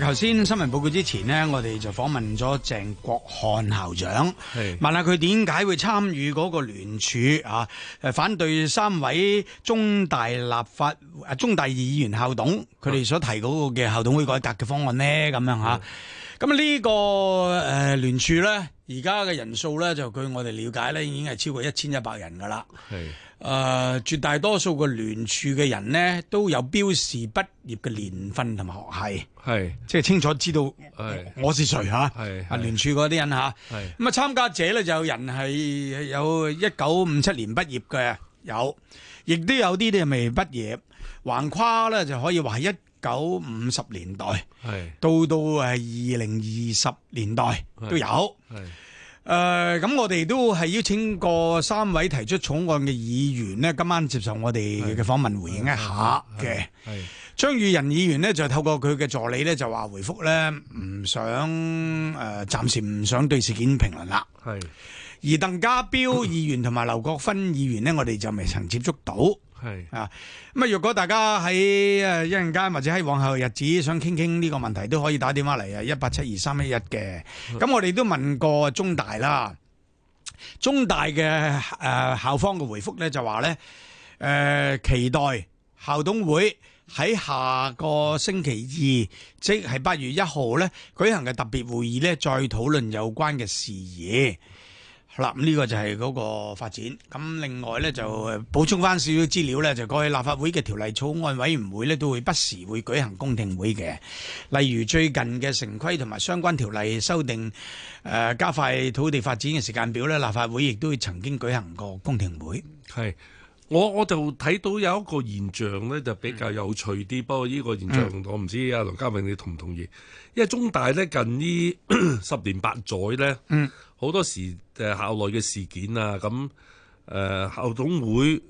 頭先新聞報告之前呢，我哋就訪問咗鄭國漢校長，問下佢點解會參與嗰個聯署啊？反對三位中大立法，啊、中大議員校董，佢哋所提到個嘅校董會改革嘅方案呢咁樣吓。咁、啊、呢、這個誒、呃、聯署咧，而家嘅人數咧，就據我哋了解咧，已經係超過一千一百人噶啦。係。誒、呃，絕大多數嘅聯署嘅人呢，都有標示畢業嘅年份同埋學系，係即係清楚知道我是誰吓，係聯署嗰啲人吓，係咁啊，參、啊、加者呢，就人是有人係有一九五七年畢業嘅，有，亦都有啲咧未畢業，橫跨咧就可以話係一九五十年代係到到誒二零二十年代都有。是是誒、呃，咁我哋都係邀請過三位提出草案嘅議員呢，今晚接受我哋嘅訪問回應一下嘅。張宇人議員呢，就透過佢嘅助理呢，就話回覆呢，唔想誒，呃、暫時唔想對事件評論啦。係而鄧家彪議員同埋劉國勳議員呢，我哋就未曾接觸到。係啊，咁啊，如果大家喺誒一陣間或者喺往後日子想傾傾呢個問題，都可以打電話嚟啊，一八七二三一一嘅。咁我哋都問過中大啦，中大嘅誒校方嘅回覆呢，就話呢誒期待校董會喺下個星期二，即係八月一號呢舉行嘅特別會議呢，再討論有關嘅事宜。嗱，咁呢個就係嗰個發展。咁另外呢就補充返少少資料呢，就過去立法會嘅條例草案委員會呢，都會不時會舉行公聽會嘅。例如最近嘅城規同埋相關條例修訂，誒加快土地發展嘅時間表呢，立法會亦都曾經舉行過公聽會。係。我我就睇到有一個現象咧，就比較有趣啲、嗯。不過呢個現象，嗯、我唔知阿羅嘉明你同唔同意？因為中大咧近呢十年八載咧，好、嗯、多時嘅校內嘅事件啊，咁誒、呃、校董會誒、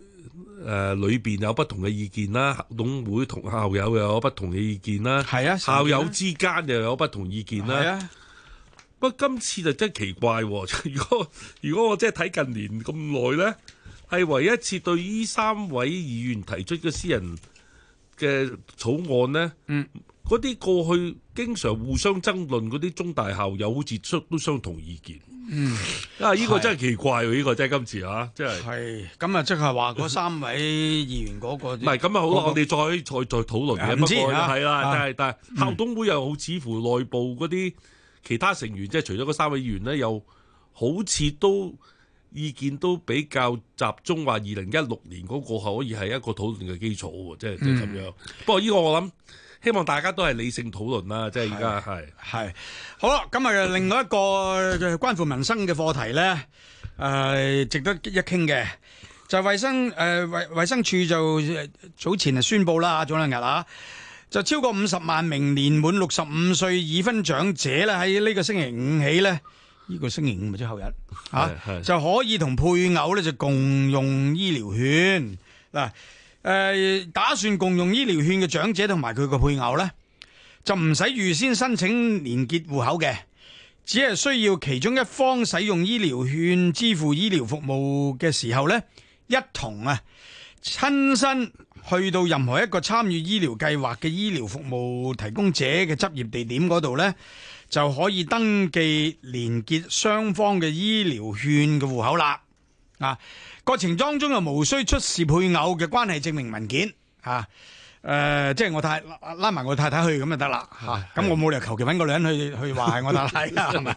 呃、裏面有不同嘅意見啦、啊，校董會同校友又有不同嘅意見啦、啊，啊，校友之間又有不同意見啦。係啊，不過、啊、今次就真係奇怪、啊。如果如果我真係睇近年咁耐咧。係唯一一次對呢三位議員提出嘅私人嘅草案呢，嗰、嗯、啲過去經常互相爭論嗰啲中大校友好似都都相同意見，嗯、啊！呢、這個真係奇怪喎、啊！呢、這個真係今次啊，即、就、係、是。係咁啊，即係話嗰三位議員嗰、那個唔係咁啊， 那好啦、那個，我哋再、那個、再再，再討論嘅、啊，不過啦、啊啊啊，但係但係校董會又好似乎內部嗰啲其他成員，即係除咗嗰三位議員呢，又好似都。意見都比較集中，話二零一六年嗰個可以係一個討論嘅基礎喎，即係即係咁樣。不過呢個我諗，希望大家都係理性討論啦。即係而家係係好啦。咁啊，另外一個關乎民生嘅課題咧，誒值得一傾嘅就係衞生誒衞衞生署就早前啊宣佈啦，早兩日啊，就超過五十萬名年滿六十五歲已婚長者咧，喺呢個星期五起咧。呢個星期五或者後日，吓，就可以同配偶咧就共用醫療券嗱，呃。打算共用醫療券嘅長者同埋佢個配偶呢，就唔使預先申請連結戶口嘅，只係需要其中一方使用醫療券支付醫療服務嘅時候呢，一同啊親身去到任何一個參與醫療計劃嘅醫療服務提供者嘅執業地點嗰度呢，就可以登記連結雙方嘅醫療券嘅戶口啦。啊，過程當中又無需出示配偶嘅關係證明文件，啊。嚇，呃，即係我太拉埋我太太去，咁就得啦。嚇，咁我冇理由求其搵個女人去去話我太太啦，係咪？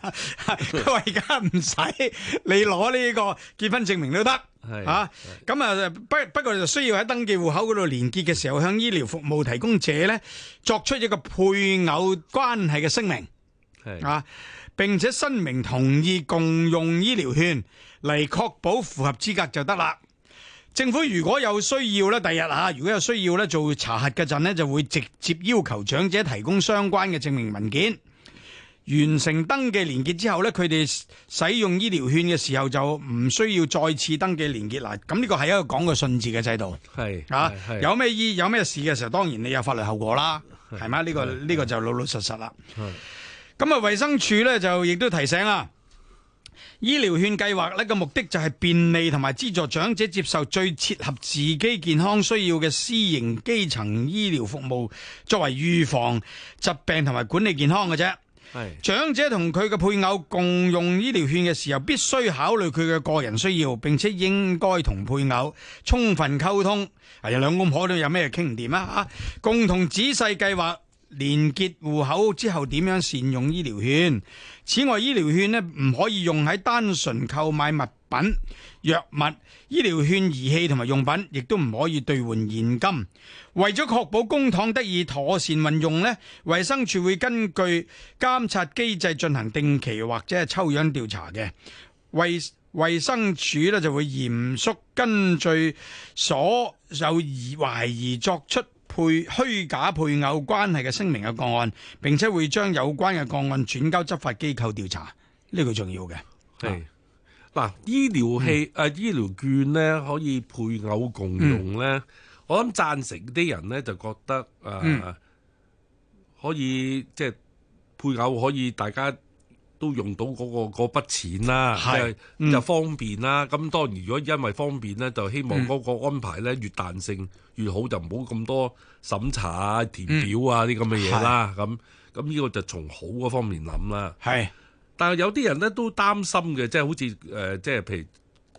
佢話而家唔使你攞呢個結婚證明都得。係嚇，咁啊不不過就需要喺登記戶口嗰度連結嘅時候，向醫療服務提供者咧作出一個配偶關係嘅聲明。是啊，並且申明同意共用醫療券嚟，確保符合資格就得啦。政府如果有需要呢，第日啊，如果有需要呢，做查核嘅陣呢，就會直接要求長者提供相關嘅證明文件。完成登記連結之後呢，佢哋使用醫療券嘅時候就唔需要再次登記連結啦。咁呢個係一個講個信字嘅制度。係啊，有咩意有咩事嘅時候，當然你有法律後果啦，係嘛？呢個呢個就老老實實啦。咁啊，衛生署呢，就亦都提醒啦，醫療券計劃呢個目的就係便利同埋資助長者接受最切合自己健康需要嘅私營基層醫療服務，作為預防疾病同埋管理健康嘅啫。係長者同佢嘅配偶共用醫療券嘅時候，必須考慮佢嘅個人需要，並且應該同配偶充分溝通。係兩公婆，都有咩傾唔掂啊？吓，共同仔細計劃。連結戶口之後點樣善用醫療券？此外，醫療券呢唔可以用喺單純購買物品、藥物、醫療券儀器同埋用品，亦都唔可以兌換現金。為咗確保公帑得以妥善運用呢，衛生署會根據監察機制進行定期或者係抽樣調查嘅。衛，衛生署呢就會嚴肅根據所有疑懷疑作出配虛假配偶關係嘅聲明嘅個案，並且會將有關嘅個案轉交執法機構調查，呢、這個重要嘅。係、啊、嗱、啊，醫療器誒、嗯啊，醫療券咧可以配偶共用咧、嗯，我諗贊成啲人咧就覺得誒、啊嗯，可以即係、就是、配偶可以大家。都用到嗰、那個嗰筆錢啦、就是，就方便啦。咁、嗯、當然，如果因為方便咧，就希望嗰個安排咧越彈性越好，就唔好咁多審查啊、填表啊啲咁嘅嘢啦。咁咁呢個就從好嗰方面諗啦。係，但係有啲人咧都擔心嘅，即係好似誒、呃，即係譬如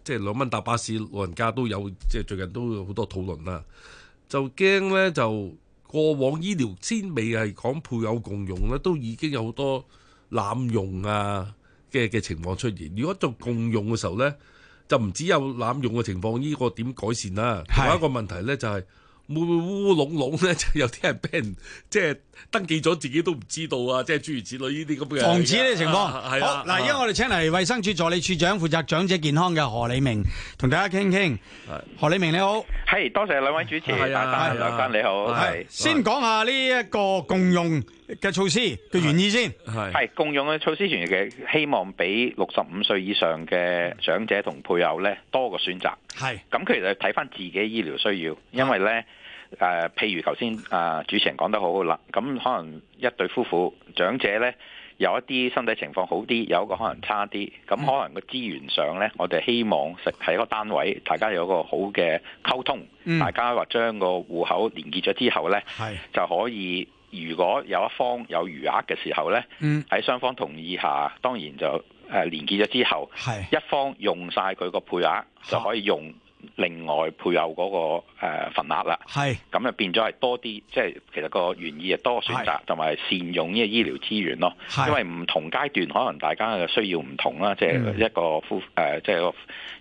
即係兩蚊搭巴士，老人家都有，即係最近都有好多討論啦。就驚咧，就過往醫療券未係講配偶共用咧，都已經有好多。濫用啊嘅嘅情況出現，如果做共用嘅時候咧，就唔只有濫用嘅情況，呢、這個點改善啦、啊？另一個問題咧就係、是、會唔會烏龍龍咧，就有啲人畀人，n 即係登記咗自己都唔知道啊，即係諸如此類呢啲咁嘅。防止呢啲情況、啊啊。好，嗱、啊，而家我哋請嚟衛生署助理署長負責長者健康嘅何理明同大家傾傾。何理明你好，係、hey, 多謝兩位主持。係、哎、啊，大家、哎哎，你好。係、啊啊啊、先講下呢一個共用。嘅措施嘅原意先係共用嘅措施，嘅希望俾六十五歲以上嘅長者同配偶咧多個選擇，係咁，佢哋睇翻自己的醫療需要，因為咧誒、呃、譬如頭先啊主持人講得好好啦。咁可能一對夫婦長者咧有一啲身體情況好啲，有一個可能差啲。咁可能個資源上咧、嗯，我哋希望係喺個單位，大家有一個好嘅溝通、嗯，大家話將個戶口連結咗之後咧，就可以。如果有一方有餘額嘅時候咧，嗯，喺雙方同意下，當然就誒連結咗之後，係一方用晒佢個配額就可以用。另外配偶嗰個份額啦，係咁就變咗係多啲，即、就、係、是、其實個原意係多選擇同埋善用呢個醫療資源咯，因為唔同階段可能大家嘅需要唔同啦，即係、就是、一個夫誒，即、呃、係、就是、一個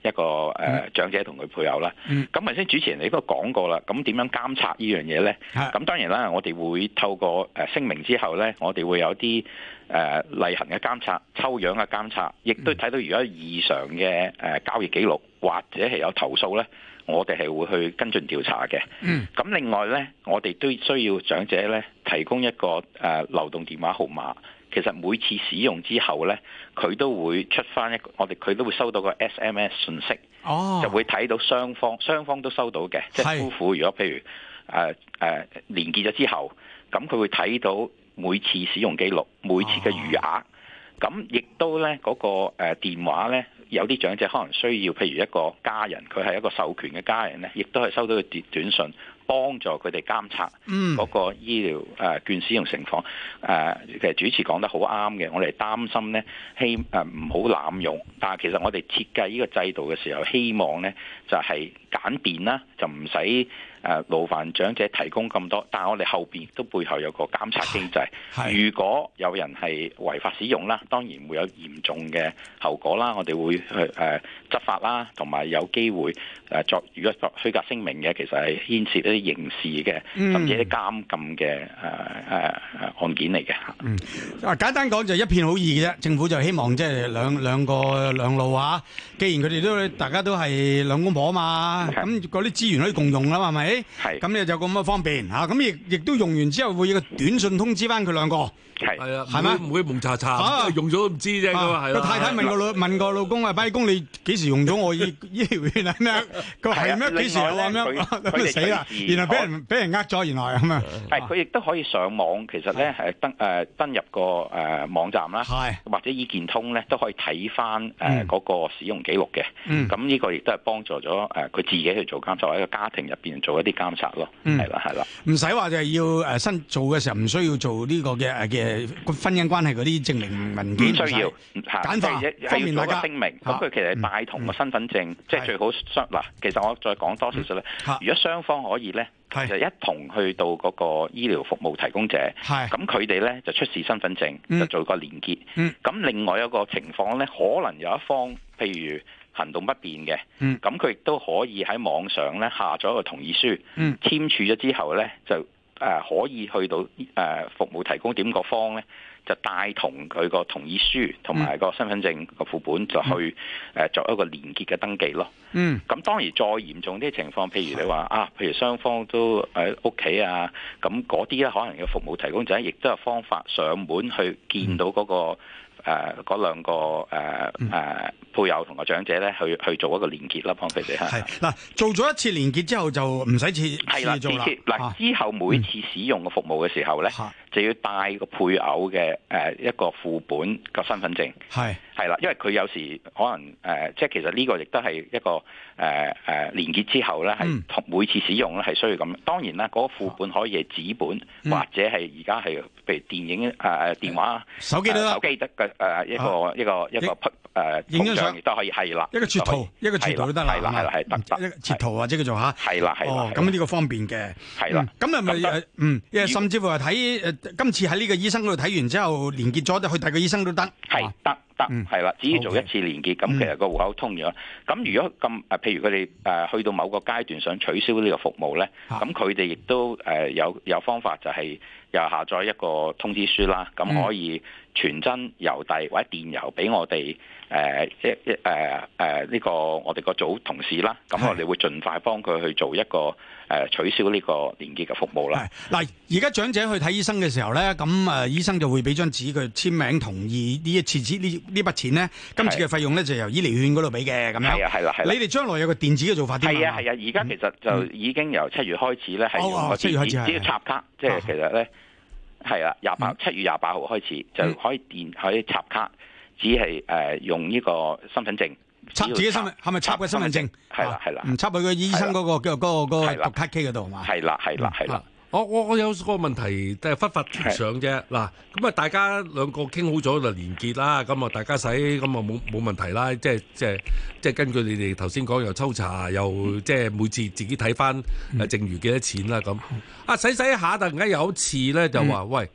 一個、呃、長者同佢配偶啦。咁頭先主持人你都講過啦，咁點樣監察這件事呢樣嘢咧？咁當然啦，我哋會透過誒聲明之後咧，我哋會有啲誒、呃、例行嘅監察、抽樣嘅監察，亦都睇到如果異常嘅誒、呃、交易記錄。或者係有投訴呢，我哋係會去跟進調查嘅。咁另外呢，我哋都需要長者呢提供一個誒流動電話號碼。其實每次使用之後呢，佢都會出返一個，我哋佢都會收到個 SMS 訊息，Oh. 就會睇到雙方雙方都收到嘅。即係夫婦，如果譬如誒誒、呃呃、連結咗之後，咁佢會睇到每次使用記錄，每次嘅餘額。Oh. 咁亦都咧，嗰、那個誒電話咧，有啲長者可能需要，譬如一個家人，佢係一個授權嘅家人咧，亦都係收到個短短訊，幫助佢哋監察嗰個醫療誒券使用情況。誒、啊、其實主持講得好啱嘅，我哋擔心咧，希誒唔好濫用。但其實我哋設計呢個制度嘅時候，希望咧就係、是、簡便啦，就唔使。誒、啊，勞煩長者提供咁多，但係我哋後邊都背後有個監察機制。如果有人係違法使用啦，當然會有嚴重嘅後果啦。我哋會去、啊、執法啦，同埋有，有機會作如果作虛假聲明嘅，其實係牽涉一啲刑事嘅，甚至一啲監禁嘅案件嚟嘅。嗯，啊，啊，啊簡單講就是、一片好意嘅啫。政府就希望即係兩兩個兩路啊，既然佢哋都大家都係兩公婆啊嘛，咁嗰啲資源可以共用啦，係咪？係，咁你就咁樣方便吓，咁亦亦都用完之後會有一個短信通知翻佢兩個。係啊，唔會唔會蒙查查、啊、用咗都唔知啫，係、啊啊啊、太太問個老問個老公啊，拜公、啊、你幾時用咗我醫醫療券 啊？咩？佢話咩幾時啊？咁樣佢死啦！原來俾人俾人呃咗，原來咁啊！係佢亦都可以上網，其實咧係登誒、呃、登入個誒、呃、網站啦、啊，或者醫健通咧都可以睇翻誒嗰個使用記錄嘅。咁、嗯、呢個亦都係幫助咗誒佢自己去做監察，或者個家庭入邊做一啲監察咯。係、嗯、啦，係、嗯、啦，唔使話就係要誒、呃、新做嘅時候唔需要做呢個嘅嘅。婚姻關係嗰啲證明文件需要，簡係要攞個聲明。咁佢其實係帶同個身份證，嗯、即係最好嗱。其實我再講多少少咧，如果雙方可以咧，就一同去到嗰個醫療服務提供者，咁佢哋咧就出示身份證，嗯、就做個連結。咁、嗯、另外有一個情況咧，可能有一方譬如行動不便嘅，咁佢亦都可以喺網上咧下咗個同意書，簽、嗯、署咗之後咧就。誒、呃、可以去到誒、呃、服務提供點個方咧，就帶同佢個同意書同埋個身份證個副本就去誒作、mm. 一個連結嘅登記咯。嗯，咁當然再嚴重啲情況，譬如你話啊，譬如雙方都喺屋企啊，咁嗰啲咧可能嘅服務提供者亦都有方法上門去見到嗰個。Mm. 誒、呃、嗰兩個誒、呃呃、配偶同個長者咧，去去做一個連結啦，幫佢哋係嗱，做咗一次連結之後就唔使次係啦，嗱、啊、之後每次使用嘅服務嘅時候咧、嗯，就要帶個配偶嘅誒一個副本個身份證。係係啦，因為佢有時可能誒，即、呃、係其實呢個亦都係一個誒誒、呃、連結之後咧，係、嗯、同每次使用咧係需要咁。當然啦，嗰、嗰個、副本可以係紙本、嗯，或者係而家係譬如電影誒、呃、電話手機得啦，手機得嘅。呃誒、呃、一個、啊、一個一個、呃、拍影張相都可以，係啦，一個截圖，一個截圖都得啦，係啦係啦，截圖或者叫做吓，係啦係啦，咁呢、這個方便嘅，係啦，咁啊咪嗯，因為、嗯、甚至乎係睇誒今次喺呢個醫生嗰度睇完之後連結咗、嗯，去睇第二個醫生都得，係得得，係、啊、啦，只要做一次連結，咁、嗯嗯、其實個戶口通咗，咁、嗯嗯、如果咁誒，譬如佢哋誒去到某個階段想取消呢個服務咧，咁佢哋亦都誒有有方法就係又下載一個通知書啦，咁可以。啊傳真、郵遞或者電郵俾我哋，誒、呃，即係誒誒，呢、呃這個我哋個組同事啦，咁我哋會盡快幫佢去做一個誒、呃、取消呢個連接嘅服務啦。嗱，而家長者去睇醫生嘅時候咧，咁誒、呃、醫生就會俾張紙佢簽名同意呢一次呢呢筆錢咧，今次嘅費用咧就由醫療券嗰度俾嘅，咁樣。係係啦。你哋將來有個電子嘅做法添。係啊係啊，而家其實就已經由七月開始咧，係、嗯、用個電子、哦哦，只要插卡，即係其實咧。係啦，廿八七月廿八號開始就可以電，可以插卡，只係誒、呃、用呢個身份證插自己身份係咪插嘅身份證？係啦係啦，唔、啊、插佢個醫生嗰、那個叫嗰、那個嗰、那個讀卡機嗰度係嘛？係啦係啦係啦。我、哦、我我有個問題，即係忽忽上啫。嗱，咁啊，大家兩個傾好咗就連結啦。咁啊，大家使咁啊，冇冇問題啦。即係即係即係根據你哋頭先講，又抽查，又即係每次自己睇翻，誒，剩餘幾多錢啦咁。啊，使使、啊、一下，突然間有一次咧，就話、嗯、喂，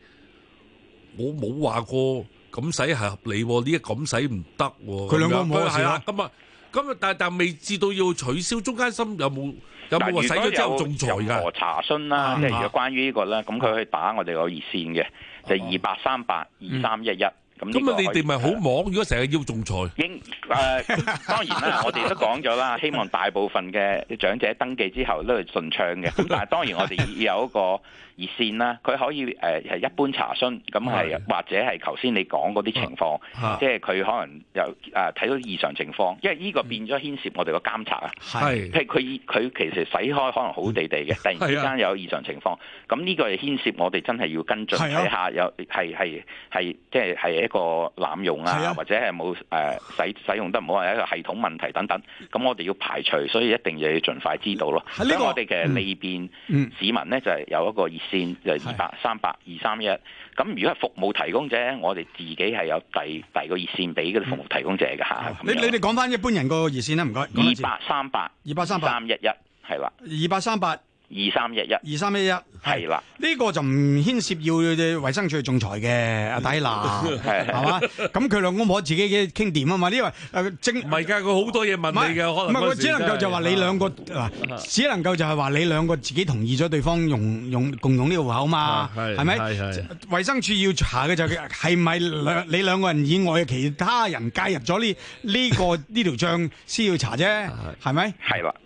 我冇話過咁使係合理喎，呢一咁使唔得喎。佢兩個唔好意思。係啊，咁啊。咁啊！但但未至到要取消，中間心有冇有冇話使咗之後仲裁噶？有查詢啦、啊嗯啊？即係關於呢、這個咧，咁佢可以打我哋個熱線嘅，就二八三八二三一一。嗯咁、這個、你哋咪好忙？如果成日要仲裁，應、嗯呃、當然啦，我哋都講咗啦，希望大部分嘅長者登記之後都係順暢嘅。咁但係當然我哋有一個熱線啦，佢可以係、呃、一般查詢，咁係或者係頭先你講嗰啲情況，即係佢可能又睇、呃、到異常情況，因為呢個變咗牽涉我哋個監察啊。係，譬如佢佢其實使開可能好地地嘅，突然之間有異常情況，咁呢個係牽涉我哋真係要跟進睇下有，有係係係即係係。一個濫用啊，啊，又或者係冇誒使使用得唔好啊，一個系統問題等等，咁我哋要排除，所以一定要盡快知道咯。喺、這個、我哋嘅利便市民呢、嗯嗯、就係、是、有一個熱線就係二八三八二三一。咁如果係服務提供者我哋自己係有第第二個熱線俾嗰啲服務提供者噶吓、啊。你哋講翻一般人個熱線啦，唔該。二八三八二八三八三一一係嘛？二八三八。二八三八。二三一一，二三一一，係啦，呢個就唔牽涉要衛生署去仲裁嘅，阿底娜，係 是吧 嘛？咁佢兩公婆自己嘅傾掂啊嘛？因為誒，正唔係噶，佢好多嘢問你嘅，可能唔係，佢只能夠就話你兩個，只能夠就係話你兩個, 個自己同意咗對方用用共用呢個戶口嘛，係 咪？衛 生署要查嘅就係唔係兩你兩個人以外嘅其他人介入咗呢呢個呢條賬先要查啫，係 咪？係啦。是是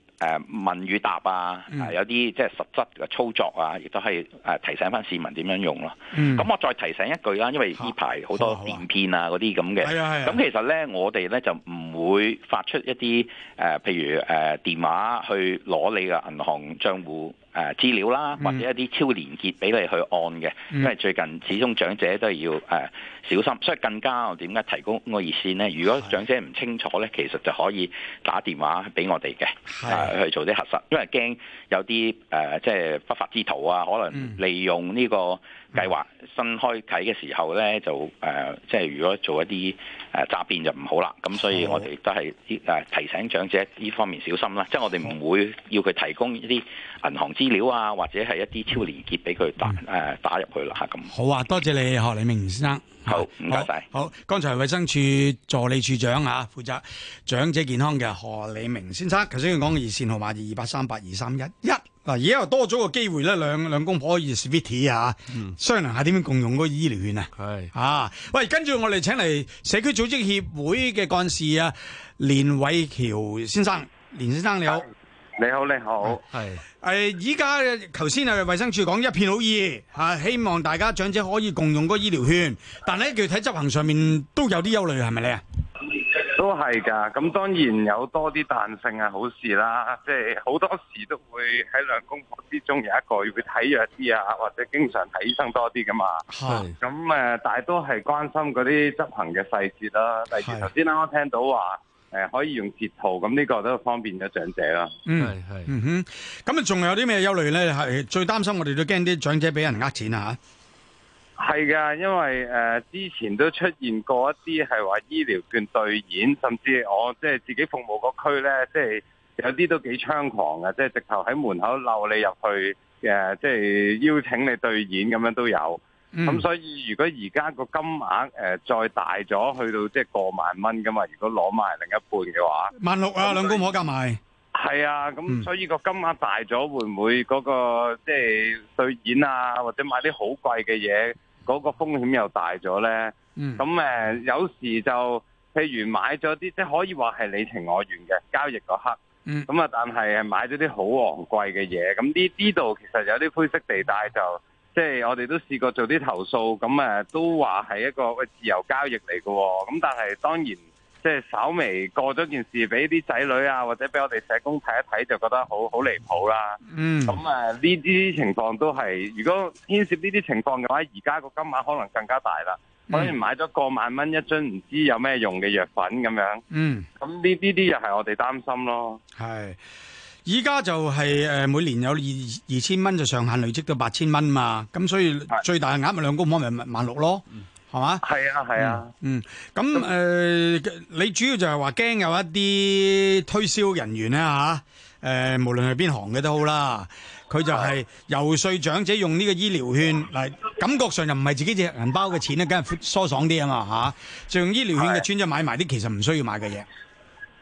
誒問與答啊，啊有啲即係實質嘅操作啊，亦都係提醒翻市民點樣用咯。咁、嗯、我再提醒一句啦，因為呢排好多電騙啊嗰啲咁嘅，咁、啊、其實呢，我哋呢就唔會發出一啲誒、呃、譬如誒、呃、電話去攞你嘅銀行賬戶。誒、呃、資料啦，或者一啲超連結俾你去按嘅、嗯，因為最近始終長者都要誒、呃、小心，所以更加點解提供個熱線呢？如果長者唔清楚呢，其實就可以打電話俾我哋嘅、呃，去做啲核實，因為驚有啲誒、呃、即係不法之徒啊，可能利用呢、這個，計劃新開啟嘅時候咧，就、呃、誒即係如果做一啲誒詐騙就唔好啦。咁所以我哋都係啲提醒長者呢方面小心啦。即係我哋唔會要佢提供一啲銀行資料啊，或者係一啲超連結俾佢打、嗯、打入去啦。咁。好啊，多謝你，何理明先生。好，唔該晒。好，剛才衞生署助理署長嚇、啊、負責長者健康嘅何理明先生，頭先佢講嘅熱線號碼二八三八二三一一。283, 231, 嗱，而家又多咗個機會咧，兩兩公婆可以 split 啊，嗯、商量下點樣共用個醫療券啊？係啊，喂，跟住我哋請嚟社區組織協會嘅幹事啊，連瑋翹先生，連先生你好、啊，你好，你好，係、嗯、誒，依家頭先啊，衛生署講一片好意啊，希望大家長者可以共用個醫療券，但係具體喺執行上面都有啲憂慮，係咪你啊？都係噶，咁當然有多啲彈性係好事啦。即係好多時都會喺兩公婆之中有一個會體弱啲啊，或者經常睇醫生多啲噶嘛。係咁誒，大多係關心嗰啲執行嘅細節啦。例如頭先啱啱聽到話誒可以用截圖，咁呢個都方便咗長者啦。嗯，係，嗯哼。咁啊，仲有啲咩憂慮咧？係最擔心我哋都驚啲長者俾人呃錢啊！係噶，因為誒、呃、之前都出現過一啲係話醫療券兌現，甚至我即係自己服務個區呢，即係有啲都幾猖狂嘅，即係直頭喺門口鬧你入去嘅、呃，即係邀請你兌現咁樣都有。咁、嗯、所以如果而家個金額誒、呃、再大咗，去到即係過萬蚊噶嘛，如果攞埋另一半嘅話，萬六啊，那那兩公婆夾埋。係啊，咁所以個金額大咗會唔會嗰、那個即係兌現啊，或者買啲好貴嘅嘢？嗰個風險又大咗呢。咁誒有時就譬如買咗啲即係可以話係你情我願嘅交易嗰刻，咁啊，但係係買咗啲好昂貴嘅嘢，咁呢呢度其實有啲灰色地帶就，就即係我哋都試過做啲投訴，咁誒都話係一個自由交易嚟嘅，咁但係當然。即、係稍微過咗件事，俾啲仔女啊，或者俾我哋社工睇一睇，就覺得好好離譜啦。咁啊，呢、嗯、啲情況都係，如果牽涉呢啲情況嘅話，而家個金額可能更加大啦、嗯。可能買咗過萬蚊一樽，唔知有咩用嘅藥粉咁樣。咁呢呢啲又係我哋擔心咯。係，依家就係誒，每年有二二千蚊就上限累積到八千蚊嘛。咁所以最大嘅額咪兩公婆咪萬六咯。係嘛？係啊，係啊。嗯、咁、嗯、誒、呃，你主要就係話驚有一啲推銷人員呀、吓、啊、誒、啊，無論係邊行嘅都好啦，佢就係遊說長者用呢個醫療券，啊，感覺上又唔係自己隻銀包嘅錢咧，梗係疏爽啲啊嘛，吓，就用醫療券嘅錢就買埋啲其實唔需要買嘅嘢，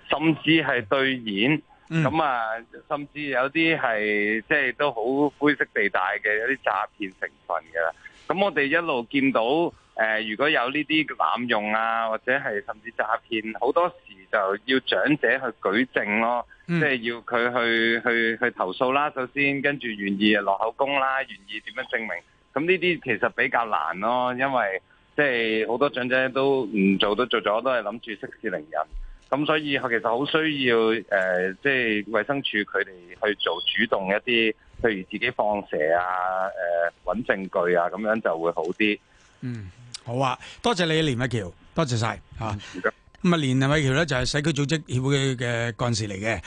甚至係兌現。咁、嗯、啊，甚至有啲係即係都好灰色地帶嘅有啲詐騙成分嘅啦。咁我哋一路見到。誒、呃，如果有呢啲濫用啊，或者係甚至詐騙，好多時就要長者去舉證咯，即係要佢去去去投訴啦。首先，跟住願意落口供啦，願意點樣證明？咁呢啲其實比較難咯，因為即係好多長者都唔做都做咗，都係諗住息事寧人。咁所以其實好需要誒、呃，即係衛生署佢哋去做主動一啲，譬如自己放蛇啊，誒、呃、揾證據啊，咁樣就會好啲。嗯。好啊！多謝你，連瑋翹，多謝晒吓。唔該。咁啊，連瑋翹咧就係社區組織協會嘅幹事嚟嘅。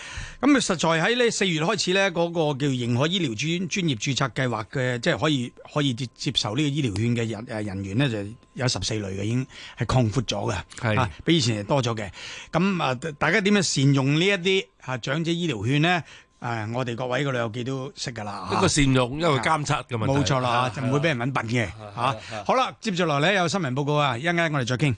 咁啊，實在喺呢四月開始咧，嗰個叫認可醫療專專業註冊計劃嘅，即係可以可以接接受呢個醫療券嘅人誒人員咧，就有十四類嘅已經係擴闊咗嘅，係啊，比以前係多咗嘅。咁啊，大家點樣善用呢一啲啊長者醫療券咧？誒，我哋各位個老友記都識㗎啦，一個善用，一個監測嘅問題，冇錯啦，啊啊、就唔會俾人揾笨嘅嚇。好啦，接住落嚟咧有新聞報告啊，一陣間我哋再傾。